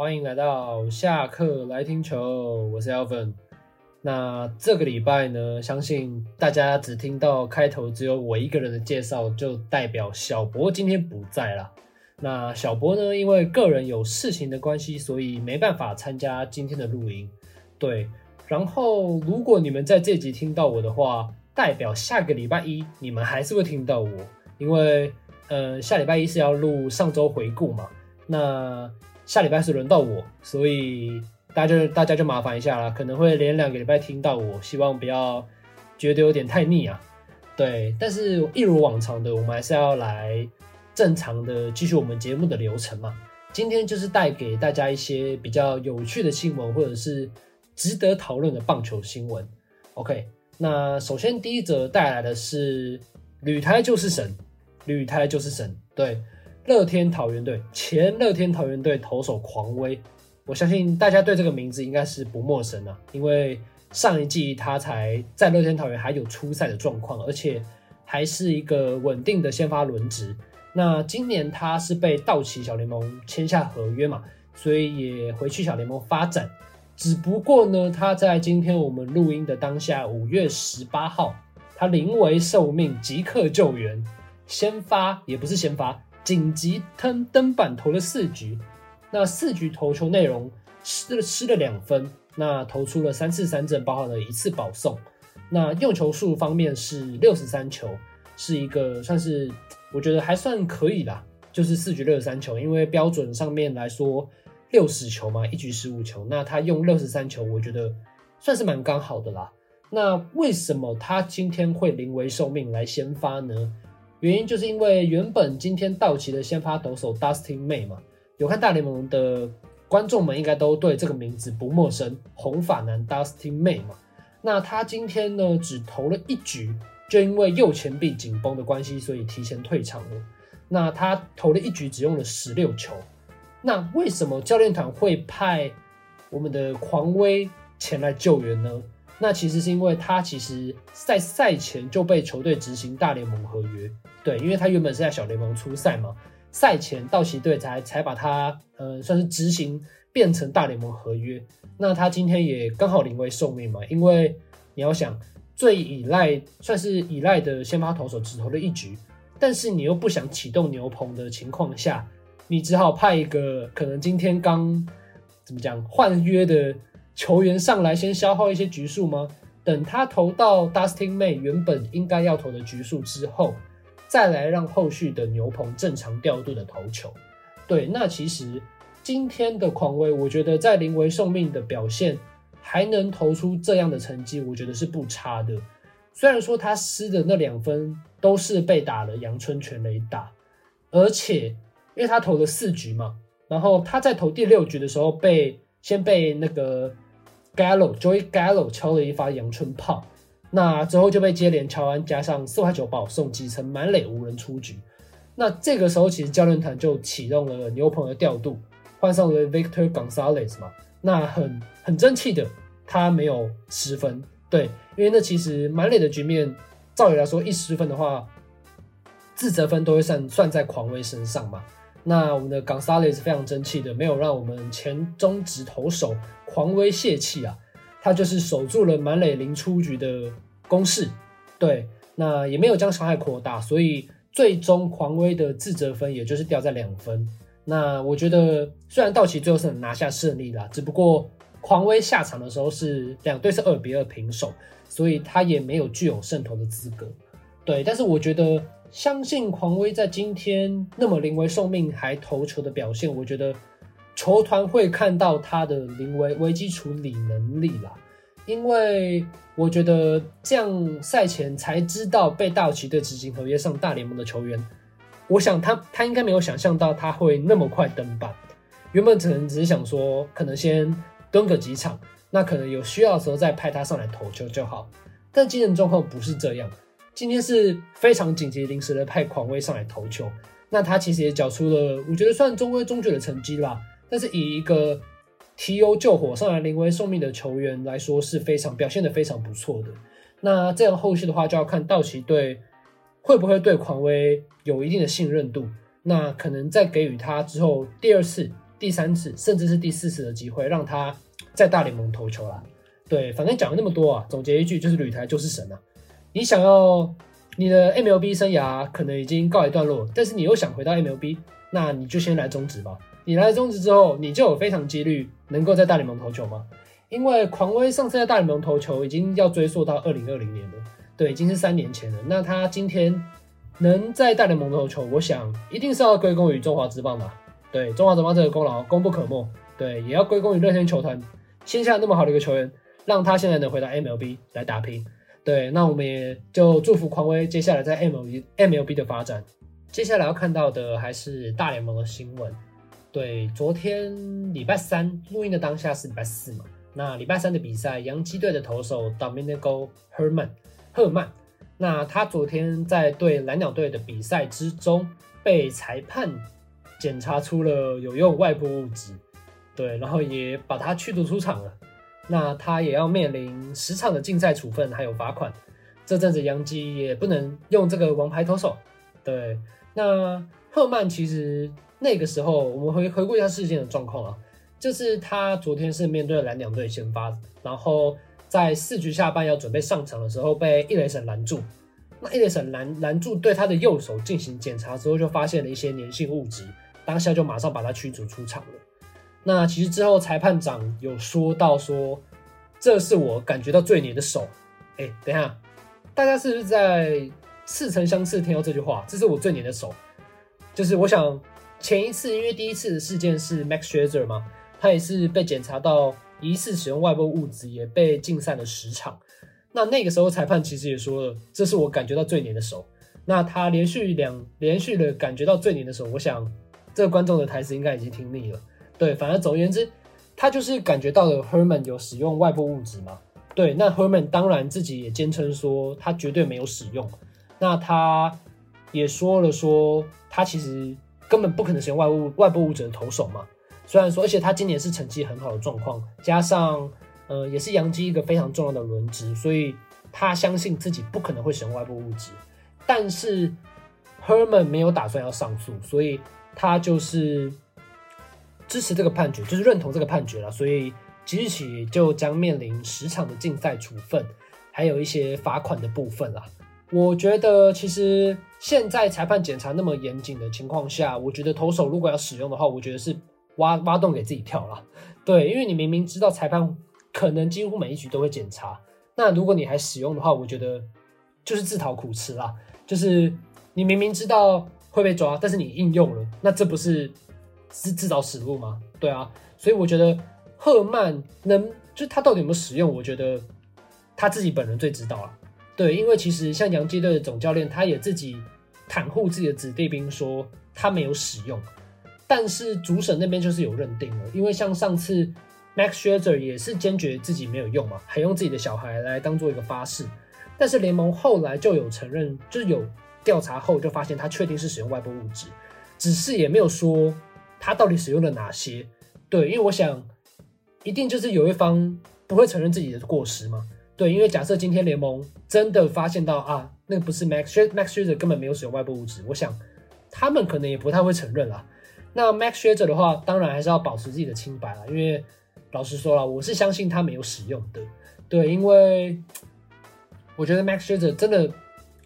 歡迎來到下課來聽球，我是 Alvin。那這個禮拜呢，相信大家只聽到開頭只有我一個人的介紹，就代表小博今天不在了。那小博呢，因為個人有事情的關係，所以沒辦法參加今天的錄音。對，然後如果你們在這集聽到我的話，代表下個禮拜一你們還是會聽到我，因為呃，下禮拜一是要錄上周回顧嘛。那下禮拜是輪到我，所以大家就大家就麻煩一下啦。可能會連兩個禮拜聽到我，希望不要覺得有點太膩啊。對，但是一如往常的，我們還是要來正常的繼續我們節目的流程嘛。今天就是帶給大家一些比較有趣的新聞或者是值得討論的棒球新聞。OK，那首先第一則帶來的是旅台就是神，旅台就是神，對。樂天桃園隊，前樂天桃園隊投手狂威，我相信大家對這個名字應該是不陌生了啊，因為上一季他才在樂天桃園還有出賽的狀況，而且還是一個穩定的先發輪值。那今年他是被道奇小聯盟簽下合約嘛，所以也回去小聯盟發展。只不過呢，他在今天我們錄音的當下，五月十八號，他臨危受命，即刻救援，先發也不是先發。緊急登登板，投了四局，那四局投球內容失了失了兩分，那投出了三次三振，包含了一次保送，那用球數方面是六十三球，是一個算是我覺得還算可以啦，就是四局六十三球，因為標準上面來說六十球嘛，一局十五球，那他用六十三球，我覺得算是蠻剛好的啦。那為什麼他今天會臨危受命來先發呢？原因就是因為原本，今天道奇的先發投手 Dustin May 嘛，有看大聯盟的觀眾們應該都對這個名字不陌生，紅髮男 Dustin May 嘛。那他今天呢只投了一局，就因為右前臂緊繃的關係，所以提前退場了。那他投了一局只用了十六球，那為什麼教練團會派我們的狂威前來救援呢？那其實是因為他其實在賽前就被球隊執行大聯盟合約，對，因為他原本是在小聯盟出賽嘛，賽前道奇隊才才把他呃算是執行變成大聯盟合約。那他今天也剛好臨危受命嘛，因為你要想最依賴算是依賴的先發投手只投了一局，但是你又不想啟動牛棚的情況下，你只好派一個可能今天剛怎麼講換約的。球員上來先消耗一些局數嗎？等他投到 Dustin May 原本應該要投的局數之後，再來讓後續的牛棚正常調度的投球。對，那其實今天的狂威，我覺得在臨危受命的表現，還能投出這樣的成績，我覺得是不差的。雖然說他失的那兩分都是被打了陽春全壘打，而且因為他投了四局嘛，然後他在投第六局的時候被先被那個。Gallo，Joey Gallo 敲了一發陽春炮，那之後就被接連敲安加上四壞球保送，擠成滿壘無人出局。那這個時候其實教練團就啟動了牛棚的調度，換上了 Victor Gonzalez 嘛。那很很爭氣的，他沒有失分。對，因為那其實滿壘的局面，照理來說一失分的話，自責分都會算、算在狂威身上嘛。那我們的岡薩雷斯非常爭氣的，沒有讓我們前中職投手狂威洩氣啊，他就是守住了滿壘零出局的攻勢對，那也沒有將傷害擴大，所以最終狂威的自責分也就是掉在兩分。那我覺得雖然道奇最後是能拿下勝利啦，只不過狂威下場的時候是兩隊是二比二平手，所以他也沒有具有勝投的資格。對，但是我覺得，相信狂威在今天那麼臨危受命還投球的表現，我覺得球團會看到他的臨危危機處理能力啦。因為我覺得這樣賽前才知道被道奇隊執行合約上大聯盟的球員，我想他他應該沒有想象到他會那麼快登板，原本可能只是想說可能先蹲個幾場，那可能有需要的時候再派他上來投球就好。但精神狀況不是這樣。今天是非常緊急臨時的派狂威上來投球，那他其實也繳出了我覺得算中規中矩的成績啦，但是以一個 T O 救火上來臨危受命的球員來說，是非常表現的非常不錯的。那這樣後續的話，就要看道奇隊會不會對狂威有一定的信任度，那可能再給予他之後第二次、第三次，甚至是第四次的機會，讓他在大聯盟投球啦。對，反正講了那麼多啊，總結一句就是旅台就是神啊。你想要你的 MLB 生涯可能已經告一段落，但是你又想回到 MLB，那你就先來中職吧。你來中職之後，你就有非常幾率能夠在大聯盟投球嗎？因為狂威上次在大聯盟投球已經要追溯到二零二零年了，對，已經是三年前了。那他今天能在大聯盟投球，我想一定是要歸功於中華職棒吧？對，中華職棒這個功勞功不可沒。對，也要歸功於樂天球團簽下那麼好的一個球員，讓他現在能回到 MLB 來打拼。對，那我們也就祝福狂威接下來在 MLB MLB 的發展。接下來要看到的還是大聯盟的新聞。對，昨天禮拜三錄音的當下是禮拜四嘛？那禮拜三的比賽，洋基隊的投手 Domingo Herman 赫曼，那他昨天在對藍鳥隊的比賽之中被裁判檢查出了有用外部物質，對，然後也把他驅逐出場了。那他也要面臨十場的禁賽處分，還有罰款。這陣子楊基也不能用這個王牌投手。對，那赫曼其實那個時候，我們回回顧一下事件的狀況啊，就是他昨天是面對藍鳥隊先發，然後在四局下半要準備上場的時候，被伊雷神攔住。那伊雷神攔攔住，對他的右手進行檢查之後，就發現了一些粘性物質，當下就馬上把他驅逐出場了。那其實之後裁判長有說到說，這是我感覺到最黏的手。哎，等一下，大家是不是在似曾相識聽到這句話啊？這是我最黏的手。就是我想前一次，因為第一次的事件是 Max Scherzer 嘛，他也是被檢查到疑似使用外部物質，也被禁賽了十場。那那個時候裁判其實也說了，這是我感覺到最黏的手。那他連續兩連續的感覺到最黏的手，我想這個觀眾的台詞應該已經聽膩了。對，反正總而言之，他就是感覺到了 Herman 有使用外部物質嘛。對，那 Herman 當然自己也堅稱說他絕對沒有使用。那他也說了說他其實根本不可能使用外物外部物質的投手嘛。雖然說，而且他今年是成績很好的狀況，加上呃也是洋基一個非常重要的輪值，所以他相信自己不可能會使用外部物質。但是 Herman 沒有打算要上訴，所以他就是。支持這個判決，就是認同這個判決了，所以即日起就將面臨十場的禁賽處分，還有一些罰款的部分了。我覺得其實現在裁判檢查那麼嚴謹的情況下，我覺得投手如果要使用的話，我覺得是挖挖洞給自己跳啦。對，因為你明明知道裁判可能幾乎每一局都會檢查，那如果你還使用的話，我覺得就是自討苦吃啦。就是你明明知道會被抓，但是你應用了，那這不是？是自找死路嗎？對啊，所以我覺得赫曼能就他到底有沒有使用，我覺得他自己本人最知道了、啊。對，因為其實像洋基隊的總教練，他也自己袒護自己的子弟兵，說他沒有使用。但是主審那邊就是有認定了，因為像上次 Max Scherzer 也是堅決自己沒有用嘛，還用自己的小孩來當做一個發誓。但是聯盟後來就有承認，就是有調查後就發現他確定是使用外部物質，只是也沒有說。他到底使用了哪些？對，因為我想，一定就是有一方不會承認自己的過失嘛。對，因為假設今天聯盟真的發現到啊，那個不是 Max Scherzer Max Scherzer 根本沒有使用外部物質，我想他們可能也不太會承認啦。那 Max Scherzer 的話，當然還是要保持自己的清白啦，因為老實說了，我是相信他沒有使用的。對，因為我覺得 Max Scherzer 真的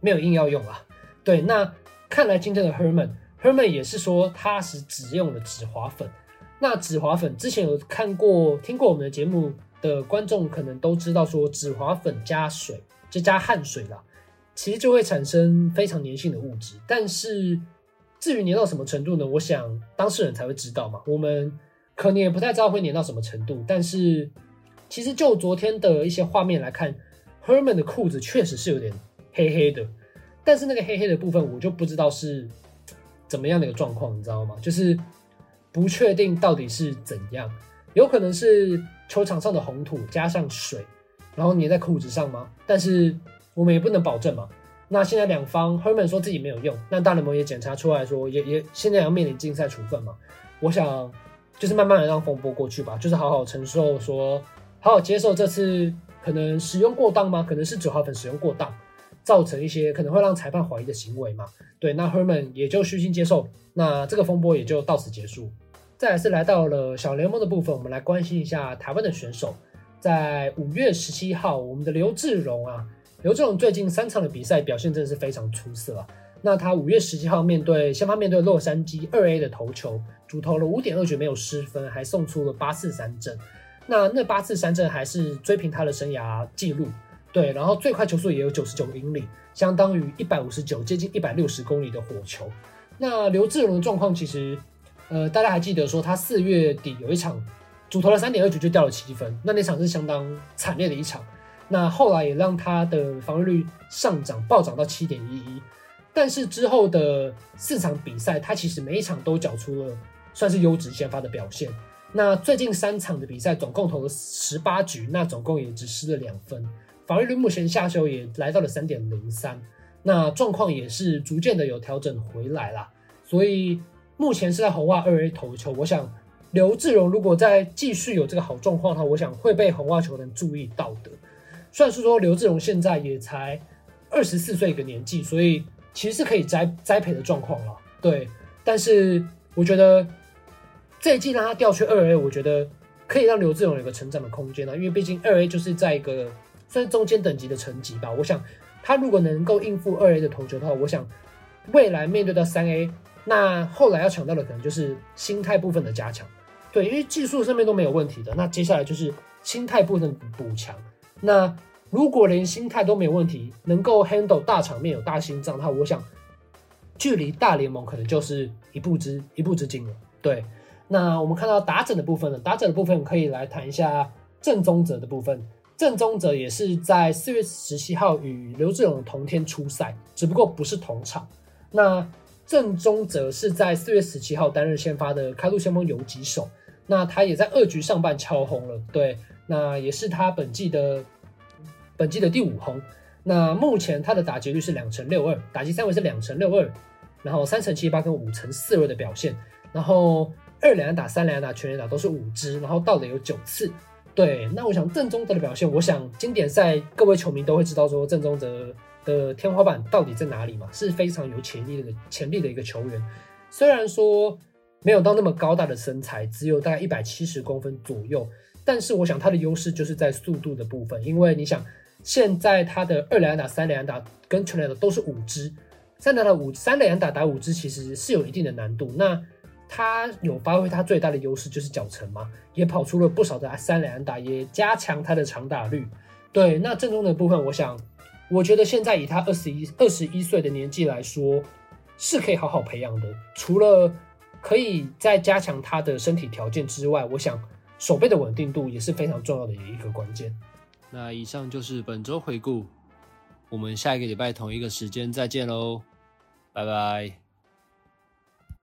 沒有硬要用啊。對，那看來今天的 Herman。Herman 也是說，他是只用了止滑粉。那止滑粉之前有看過、聽過我們的節目的觀眾可能都知道，說止滑粉加水就加汗水啦，其實就會產生非常粘性的物質。但是至於粘到什麼程度呢？我想當事人才會知道嘛。我們可能也不太知道會粘到什麼程度。但是其實就昨天的一些畫面來看，Herman 的褲子確實是有點黑黑的，但是那個黑黑的部分我就不知道是。怎麼樣的一個狀況，你知道嗎？就是不確定到底是怎樣，有可能是球場上的紅土加上水，然後粘在褲子上嗎？但是我們也不能保證嘛。那現在兩方，Herman 說自己沒有用，那大聯盟也檢查出來說，也也現在要面臨禁賽處分嘛。我想就是慢慢的讓風波過去吧，就是好好承受說，說好好接受這次可能使用過當嗎？可能是九號粉使用過當。造成一些可能會讓裁判懷疑的行為嘛？對，那 Herman 也就虛心接受，那這個風波也就到此結束。再來是來到了小聯盟的部分，我們來關心一下台灣的選手。在五月十七號，我們的劉致榮啊，劉致榮最近三場的比賽表現真的是非常出色啊。那他五月十七號面對先發面對洛杉磯二 A 的投球，主投了五點二局沒有失分，還送出了八次三振。那那八次三振還是追平他的生涯記錄。對，然後最快球速也有九十九英里，相當於一百五十九，接近一百六十公里的火球。那劉致榮的狀況其實，呃，大家還記得說他四月底有一場主投了三點二局就掉了七分，那那場是相當慘烈的一場。那後來也讓他的防禦率上漲暴漲到七點一一，但是之後的四場比賽他其實每一場都繳出了算是優質先發的表現。那最近三場的比賽總共投了十八局，那總共也只失了兩分。防禦率目前下修也來到了三點零三，那狀況也是逐漸的有調整回來了，所以目前是在紅襪二 A 投球。我想劉致榮如果再繼續有這個好狀況的話，我想會被紅襪球員注意到的。算是說劉致榮現在也才二十四歲一個年紀，所以其實是可以栽栽培的狀況了。對，但是我覺得這一季讓他調去二 A，我覺得可以讓劉致榮有個成長的空間啊，因為畢竟二 A 就是在一個。算是中間等級的層級吧。我想，他如果能夠應付二 A 的投球的話，我想未來面對到三 A，那後來要強調的可能就是心態部分的加強。對，因為技術上面都沒有問題的，那接下來就是心態部分補強。那如果連心態都沒有問題，能夠 handle 大場面有大心臟的話，我想距離大聯盟可能就是一步之一步之近了。對，那我們看到打者的部分呢？打者的部分可以來談一下正中者的部分。鄭宗哲也是在四月十七號與劉致榮同天出賽，只不過不是同場。那鄭宗哲是在四月十七號單日先發的開路先鋒游擊手，那他也在二局上半敲轟了，對，那也是他本季的本季的第五轟。那目前他的打擊率是兩成六二，打擊三圍是兩成六二，然後三成七八跟五成四二的表現。然後二壘打三壘打全壘打都是五支，然後盜壘有九次。對，那我想鄭宗哲的表現，我想經典賽各位球迷都會知道，說鄭宗哲的天花板到底在哪裡嘛，是非常有潛力的潛力的一個球員。雖然說沒有到那麼高大的身材，只有大概一百七十公分左右，但是我想他的優勢就是在速度的部分，因為你想現在他的二壘安打、三壘安打跟全壘打都是五支，三壘安打五、三壘安打打五支其實是有一定的難度。那他有發揮他最大的優勢，就是腳程嘛，也跑出了不少的三壘安打，也加強他的長打率。對，那正中的部分，我想，我覺得現在以他二十一二十一歲的年紀來說，是可以好好培養的。除了可以再加強他的身體條件之外，我想手背的穩定度也是非常重要的一個關鍵。那以上就是本周回顧，我們下一個禮拜同一個時間再見嘍，拜拜。